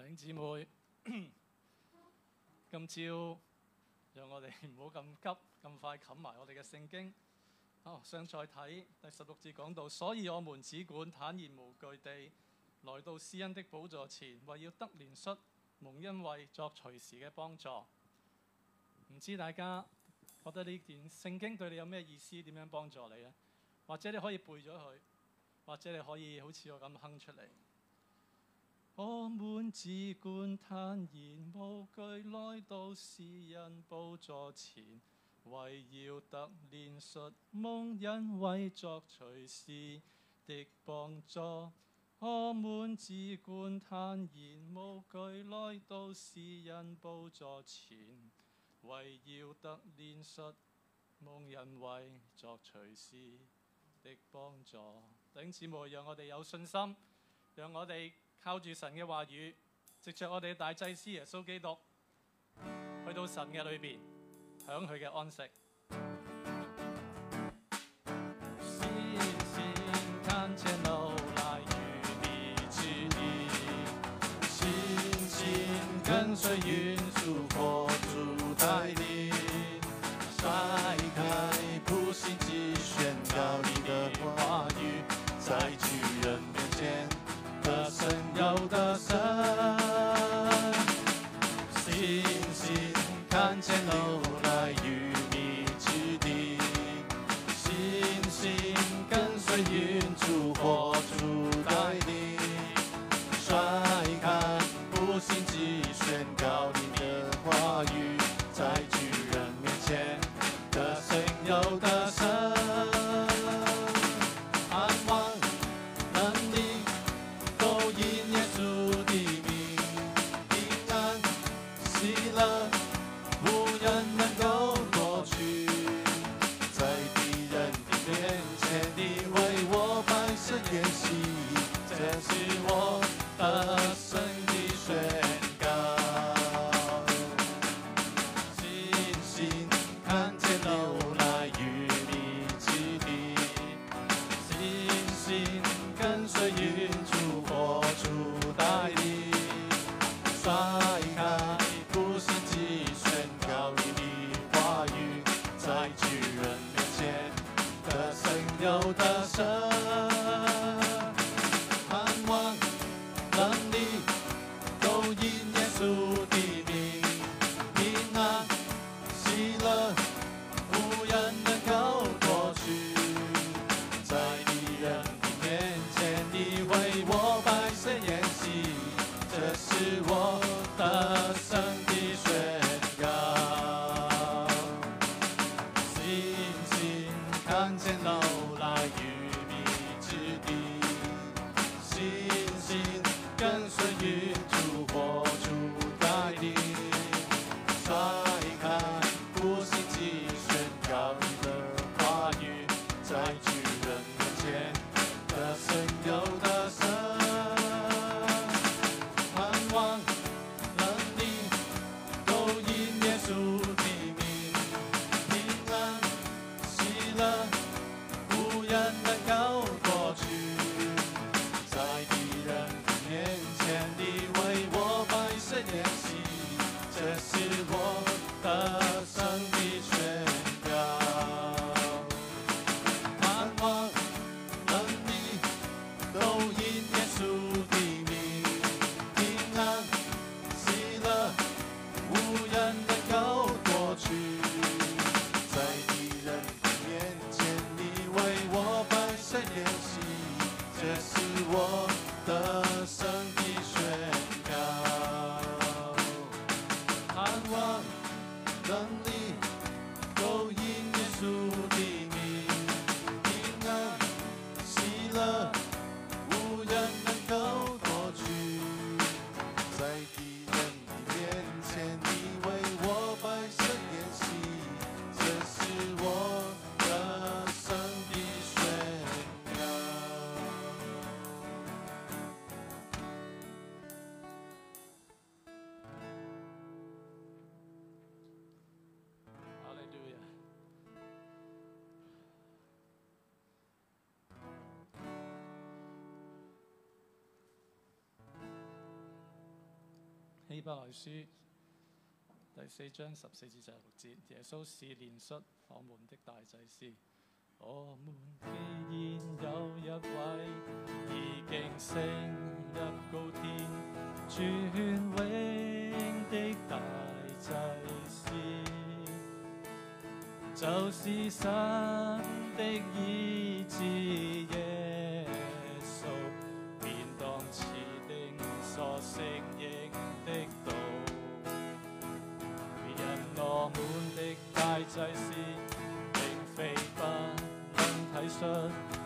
弟兄姊妹， 今朝讓我哋唔好咁急，咁快冚埋我哋嘅聖經。哦，想再睇第十六節講到， 所以我們只管坦然無懼地來到施恩的寶座前，為要得憐恤，蒙恩惠、作隨時嘅幫助。唔知大家覺得呢件聖經對你有咩意思？點樣幫助你咧？或者你可以背咗佢，或者你可以好似我咁哼出嚟。我們只管坦然無懼來到施恩寶座前，圍繞得為要得憐恤，蒙恩惠，作隨時的幫助。我們只管坦然無懼來到施恩寶座前，圍繞得為要得憐恤，蒙恩惠，作隨時的幫助。弟兄姊妹，讓我哋有信心，讓我哋。靠住神嘅話語，藉著我哋大祭司耶穌基督，去到神嘅裏邊，享佢嘅安息。 第四章十四至十六節，耶穌是憐恤我們的大祭司。我、oh, 們既然有一位已經升入高天，尊榮的大祭司，就是神的意志。祭司並非不能體恤。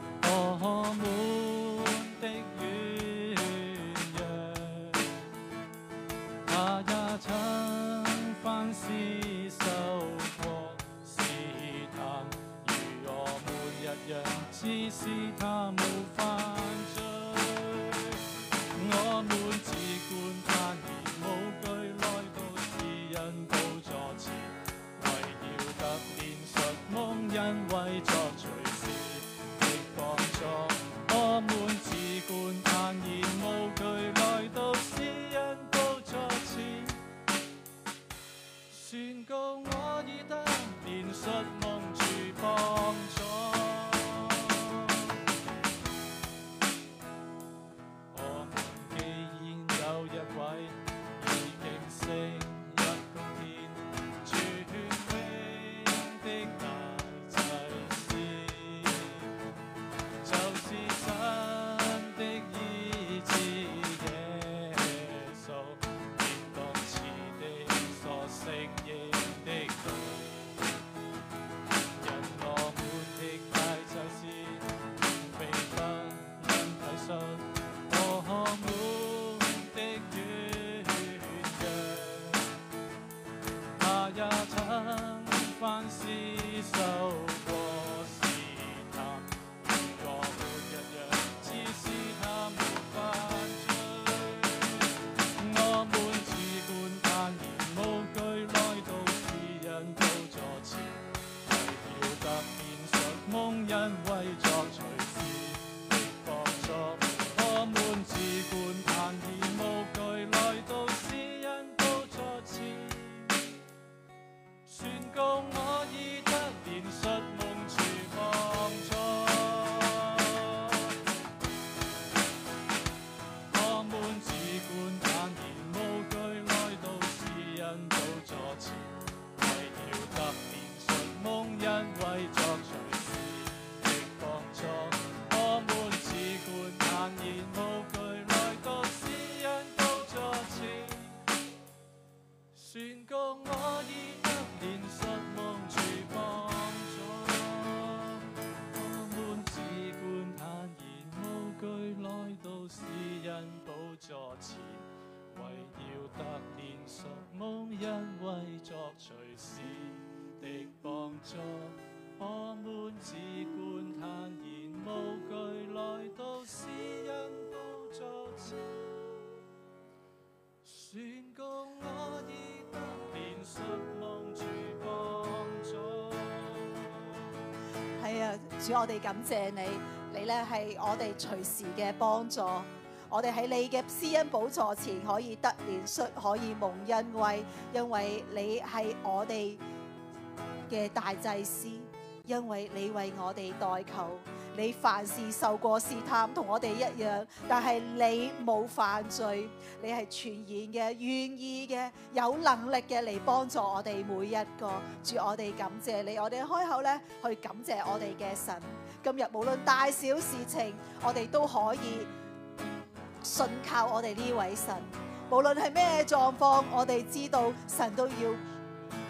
隨時的幫助，我們只管坦然無懼來到，詩人都作證，宣告我已不變屬望住幫助。係啊，主，我哋感謝你，你咧係我哋隨時嘅幫助。我哋喺你嘅施恩寶座前，可以得憐恤，可以蒙恩惠，因為你係我哋嘅大祭司，因為你為我哋代求，你凡事受過試探，同我哋一樣，但係你冇犯罪，你係全然嘅、願意嘅、有能力嘅嚟幫助我哋每一個，祝我哋感謝你，我哋開口咧去感謝我哋嘅神。今日無論大小事情，我哋都可以。信靠我哋呢位神，無論係咩狀況，我哋知道神都要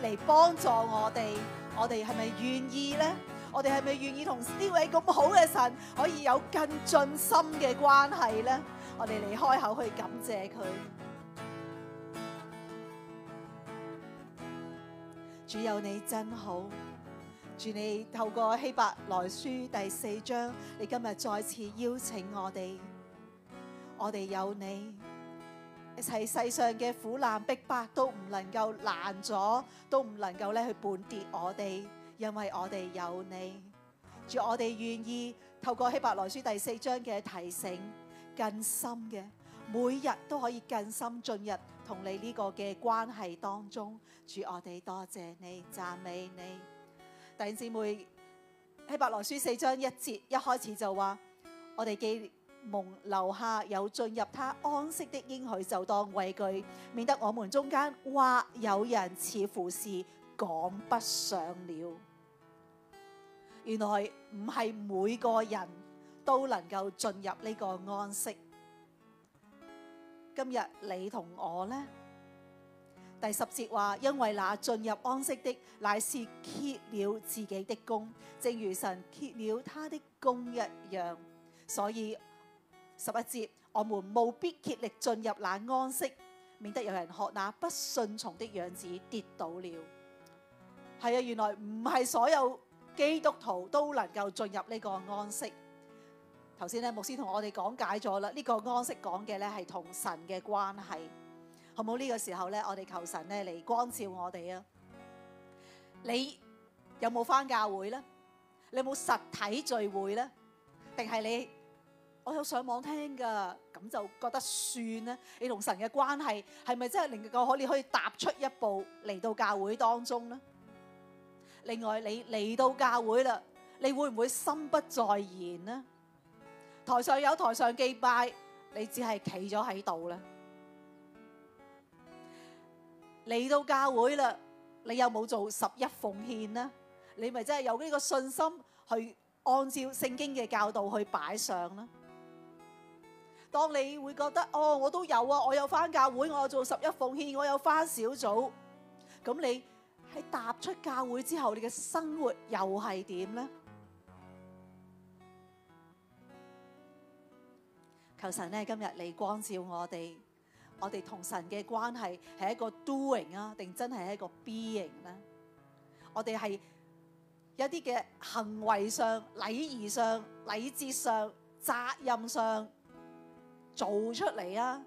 嚟幫助我哋。我哋係咪願意呢？我哋係咪願意同呢位咁好嘅神可以有更盡心嘅關係呢？我哋嚟開口去感謝佢。主，有你真好，主，你透過希伯來書第四章，你今日再次邀請我哋。我哋有你，一切世上嘅苦難逼迫都唔能夠攔咗，都唔能夠咧去絆跌我哋，因為我哋有你。主，我哋願意透過《希伯來書》第四章嘅提醒，更深嘅，每日都可以更深進入同你呢個嘅關係當中。主，我哋多謝你，讚美你，弟兄姊妹，《希伯來書》四章一節一開始就話，我哋既。蒙留下有進入他安息的應許，就當畏懼，免得我們中間或有人似乎是趕不上了。原來唔係每個人都能夠進入呢個安息。今日你同我呢，第十節話，因為那進入安息的乃是歇了自己的工，正如神歇了他的工一樣，所以。十一節，我們務必竭力進入那安息，免得有人學那不信從的樣子跌倒了。係啊，原來唔係所有基督徒都能夠進入呢個安息。頭先咧，牧師同我哋講解咗啦，呢個安息講嘅咧係同神嘅關係，好冇？呢個時候咧，我哋求神咧嚟光照我哋啊！你有冇返教會咧？你有冇實體聚會咧？定係你？我有上網聽噶，咁就覺得算啦。你同神嘅關係係咪真係能夠，你可以踏出一步嚟到教會當中呢？另外，你嚟到教會啦，你會唔會心不在焉呢？台上有台上祭拜，你只係企咗喺度啦。嚟到教會啦，你有冇做十一奉獻呢？你咪真係有呢個信心去按照聖經嘅教導去擺上呢？當你會覺得哦，我都有啊，我有翻教會，我有做十一奉獻，我有翻小組。咁你喺踏出教會之後，你嘅生活又係點呢？求神呢，今日你光照我哋，我哋同神嘅關係係一個 doing 啊，定真係一個 being 呢？我哋係有啲嘅行為上、禮儀上、禮節上、責任上。做出嚟啊！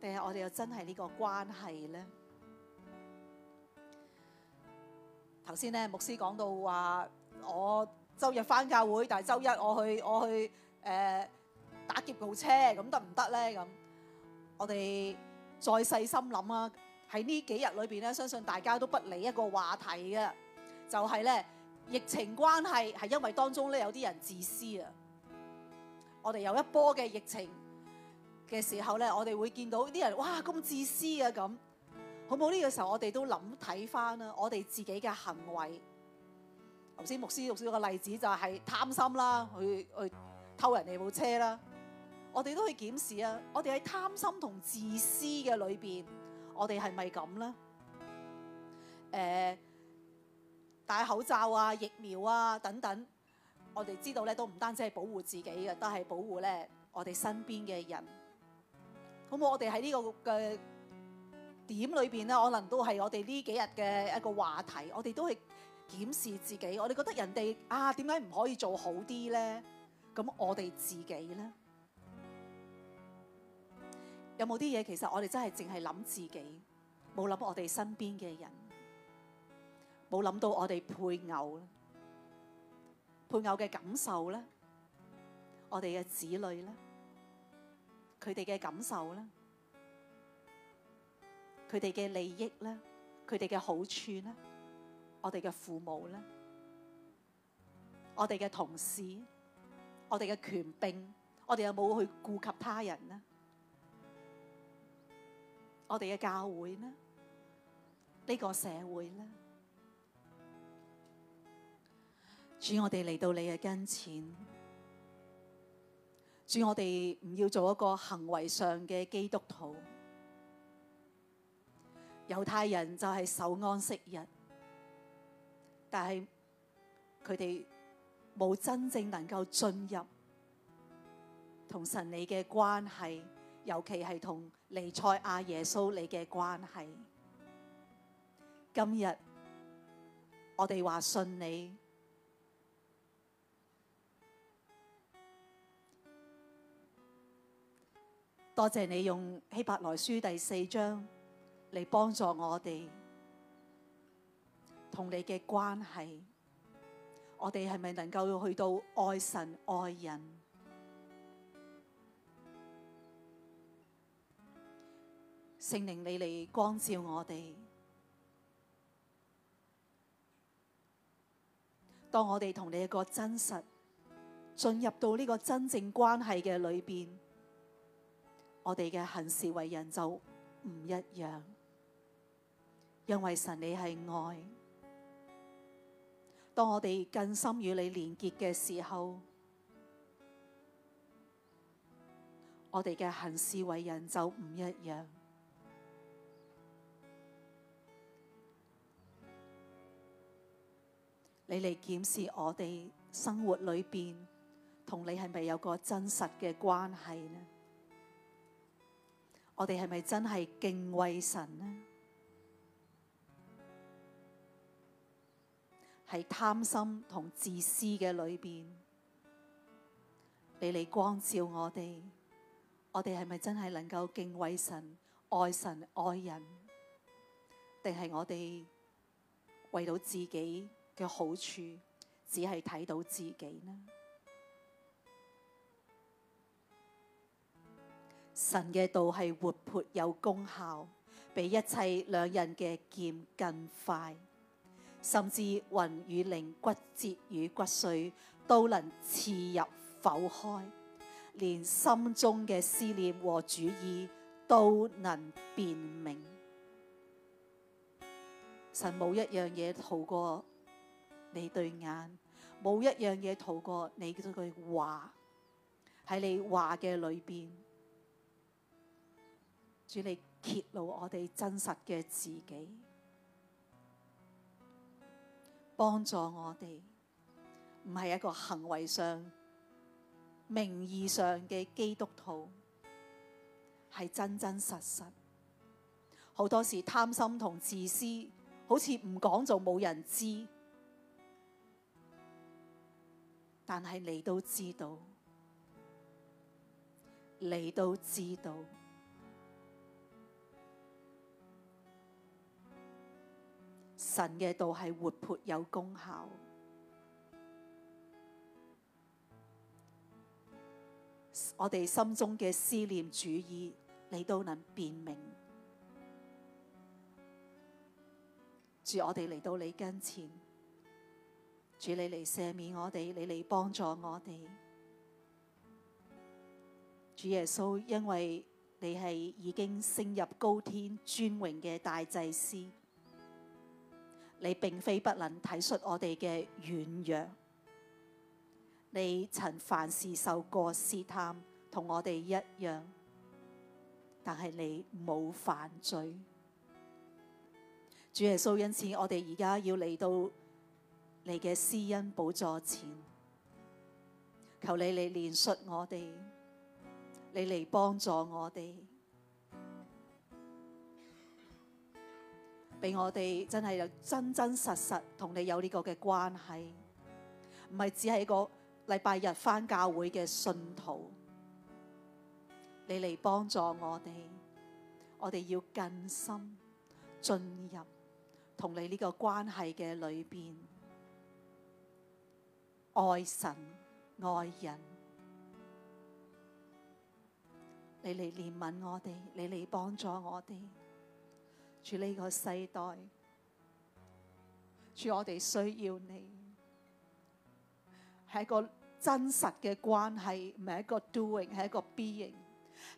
定係我哋又真係呢個關係呢？頭先咧牧師講到話，我周日返教會，但係周一我去我去誒、呃、打劫部車，咁得唔得呢？咁我哋再細心諗啊！喺呢幾日裏邊咧，相信大家都不理一個話題嘅，就係、是、呢疫情關係係因為當中咧有啲人自私啊！我哋有一波嘅疫情。嘅時候咧，我哋會見到啲人哇咁自私啊咁，好冇呢、這個時候我哋都諗睇翻啊，我哋自己嘅行為。頭先牧師讀到嗰個例子就係、是、貪心啦，去去偷人哋部車啦。我哋都去檢視啊，我哋喺貪心同自私嘅裏邊，我哋係咪咁咧？誒、呃，戴口罩啊、疫苗啊等等，我哋知道咧都唔單止係保護自己嘅，都係保護咧我哋身邊嘅人。好唔好？我哋喺呢個嘅點裏邊咧，可能都係我哋呢幾日嘅一個話題。我哋都係檢視自己。我哋覺得人哋啊，點解唔可以做好啲咧？咁我哋自己咧，有冇啲嘢其實我哋真係淨係諗自己，冇諗我哋身邊嘅人，冇諗到我哋配偶咧，配偶嘅感受咧，我哋嘅子女咧。佢哋嘅感受咧，佢哋嘅利益咧，佢哋嘅好處咧，我哋嘅父母咧，我哋嘅同事，我哋嘅權柄，我哋有冇去顧及他人咧？我哋嘅教會咧，呢個社會咧，主，我哋嚟到你嘅跟前。主，我哋唔要做一個行為上嘅基督徒。猶太人就係守安息日，但係佢哋冇真正能夠進入同神你嘅關係，尤其係同尼賽亞耶穌你嘅關係。今日我哋話信你。多謝你用希伯來書第四章嚟幫助我哋同你嘅關係，我哋係咪能夠去到愛神愛人？聖靈你嚟光照我哋，當我哋同你一個真實進入到呢個真正關係嘅裏邊。我哋嘅行事為人就唔一樣，因為神你係愛。當我哋更深與你連結嘅時候，我哋嘅行事為人就唔一樣。你嚟檢視我哋生活裏邊，同你係咪有個真實嘅關係呢？我哋係咪真係敬畏神呢？喺貪心同自私嘅裏邊，你嚟光照我哋，我哋係咪真係能夠敬畏神、愛神、愛人，定係我哋為到自己嘅好處，只係睇到自己呢？神嘅道係活潑有功效，比一切兩人嘅劍更快，甚至魂與靈、骨折與骨髓都能刺入剖開，連心中嘅思念和主意都能辨明。神冇一樣嘢逃過你對眼，冇一樣嘢逃過你嘅句話，喺你話嘅裏邊。主你揭露我哋真實嘅自己，幫助我哋唔係一個行為上、名義上嘅基督徒，係真真實實。好多時貪心同自私，好似唔講就冇人知，但係你都知道，你都知道。神嘅道係活潑有功效，我哋心中嘅思念主意，你都能辨明。主，我哋嚟到你跟前，主，你嚟赦免我哋，你嚟幫助我哋。主耶穌，因為你係已經升入高天尊榮嘅大祭司。你並非不能體恤我哋嘅軟弱，你曾凡事受過試探，同我哋一樣，但係你冇犯罪。主耶穌，因此我哋而家要嚟到你嘅施恩寶座前，求你嚟憐恤我哋，你嚟幫助我哋。俾我哋真係真真實實同你有呢個嘅關係，唔係只係個禮拜日返教會嘅信徒，你嚟幫助我哋，我哋要更深進入同你呢個關係嘅裏邊，愛神愛人，你嚟憐憫我哋，你嚟幫助我哋。住呢個世代，主我哋需要你，係一個真實嘅關係，唔係一個 doing，係一個 being，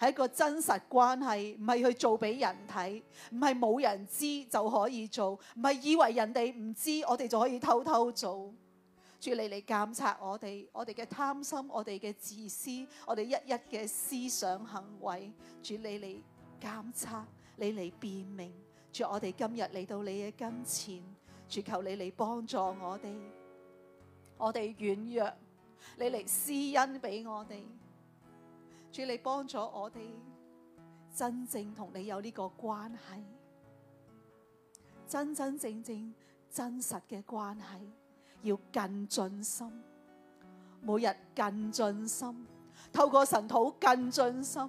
係一個真實關係，唔係去做俾人睇，唔係冇人知就可以做，唔係以為人哋唔知，我哋就可以偷偷做。主你嚟監察我哋，我哋嘅貪心，我哋嘅自私，我哋一一嘅思想行為，主你嚟監察，你嚟辨明。主我哋今日嚟到你嘅跟前，主求你嚟幫助我哋，我哋軟弱，你嚟施恩俾我哋，主你幫助我哋真正同你有呢個關係，真真正正真實嘅關係，要更盡心，每日更盡心。透過神土更進心，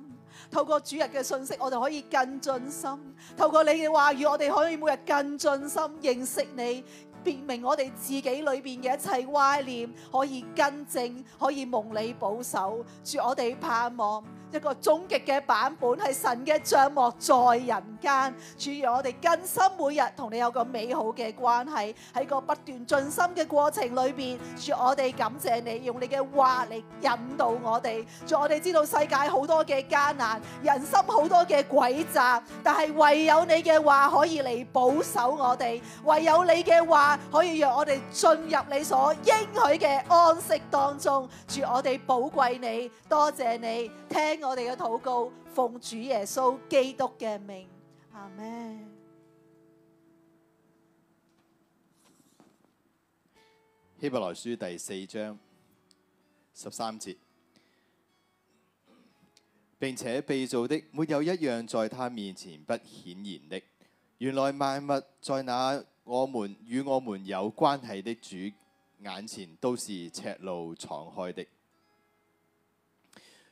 透過主日嘅信息，我哋可以更進心。透過你嘅話語，我哋可以每日更進心認識你。辨明我哋自己裏邊嘅一切歪念，可以更正，可以蒙你保守。主，我哋盼望一個終極嘅版本係神嘅帳幕在人間。主讓我哋更深每日同你有個美好嘅關係，喺個不斷進深嘅過程裏邊。主，我哋感謝你用你嘅話嚟引導我哋。主，我哋知道世界好多嘅艱難，人心好多嘅詭詐，但係唯有你嘅話可以嚟保守我哋，唯有你嘅話。可以讓我哋進入你所應許嘅安息當中，祝我哋寶貴你，多謝你聽我哋嘅禱告，奉主耶穌基督嘅名，阿門。希伯來書第四章十三節，並且被造的沒有一樣在他面前不顯然的，原來萬物在那我們與我們有關係的主眼前都是赤露敞開的。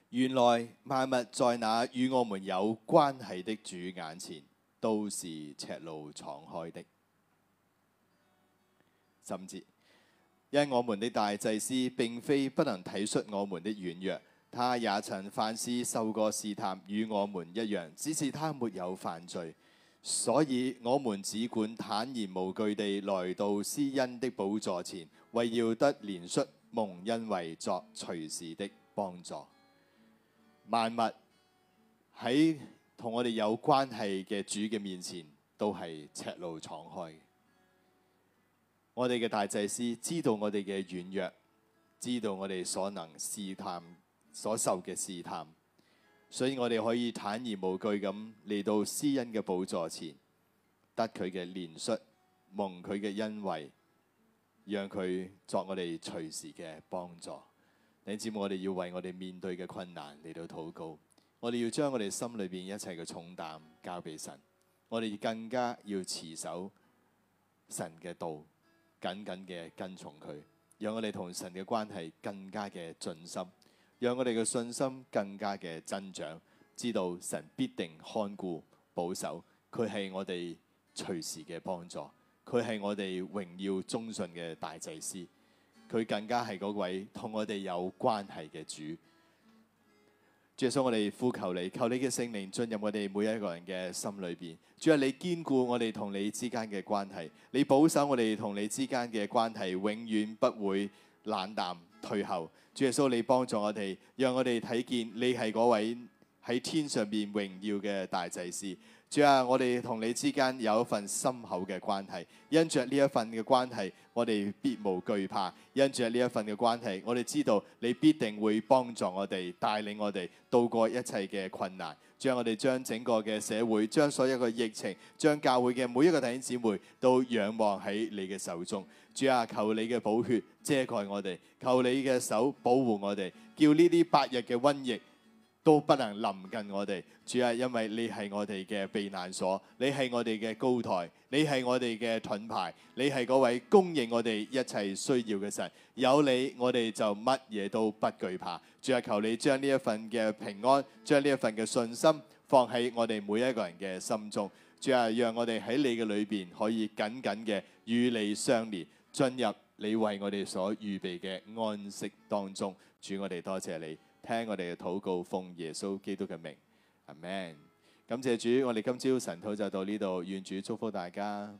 原來萬物在那與我們有關係的主眼前都是赤露敞開的。甚至因我們的大祭司並非不能體恤我們的軟弱，他也曾凡事受過試探，與我們一樣，只是他沒有犯罪。所以，我們只管坦然無懼地來到施恩的寶座前，為要得憐恤蒙恩為作隨時的幫助。萬物喺同我哋有關係嘅主嘅面前，都係赤露敞開。我哋嘅大祭司知道我哋嘅軟弱，知道我哋所能試探，所受嘅試探。所以我哋可以坦然無懼咁嚟到施恩嘅寶座前，得佢嘅憐恤，蒙佢嘅恩惠，讓佢作我哋隨時嘅幫助。你知冇？我哋要為我哋面對嘅困難嚟到禱告，我哋要將我哋心裏邊一切嘅重擔交俾神，我哋更加要持守神嘅道，緊緊嘅跟從佢，讓我哋同神嘅關係更加嘅盡心。讓我哋嘅信心更加嘅增長，知道神必定看顧、保守，佢係我哋隨時嘅幫助，佢係我哋榮耀忠信嘅大祭司，佢更加係嗰位同我哋有關係嘅主。主想我哋呼求你，求你嘅聖靈進入我哋每一個人嘅心裏邊，主啊，你堅固我哋同你之間嘅關係，你保守我哋同你之間嘅關係永遠不會冷淡。退後，主耶穌，你幫助我哋，讓我哋睇見你係嗰位喺天上面榮耀嘅大祭司。主啊，我哋同你之間有一份深厚嘅關係，因着呢一份嘅關係，我哋必無懼怕；因着呢一份嘅關係，我哋知道你必定會幫助我哋，帶領我哋度過一切嘅困難。主啊，我哋將整個嘅社會，將所有嘅疫情，將教會嘅每一個弟兄姊妹，都仰望喺你嘅手中。主啊，求你嘅寶血遮蓋我哋，求你嘅手保護我哋，叫呢啲八日嘅瘟疫都不能臨近我哋。主啊，因為你係我哋嘅避難所，你係我哋嘅高臺，你係我哋嘅盾牌，你係嗰位供應我哋一切需要嘅神。有你，我哋就乜嘢都不懼怕。主啊，求你將呢一份嘅平安，將呢一份嘅信心放喺我哋每一個人嘅心中。主啊，讓我哋喺你嘅裏邊可以緊緊嘅與你相連，進入你為我哋所預備嘅安息當中，主，我哋多謝你，聽我哋嘅禱告，奉耶穌基督嘅名，阿門。感謝主，我哋今朝晨禱就到呢度，願主祝福大家。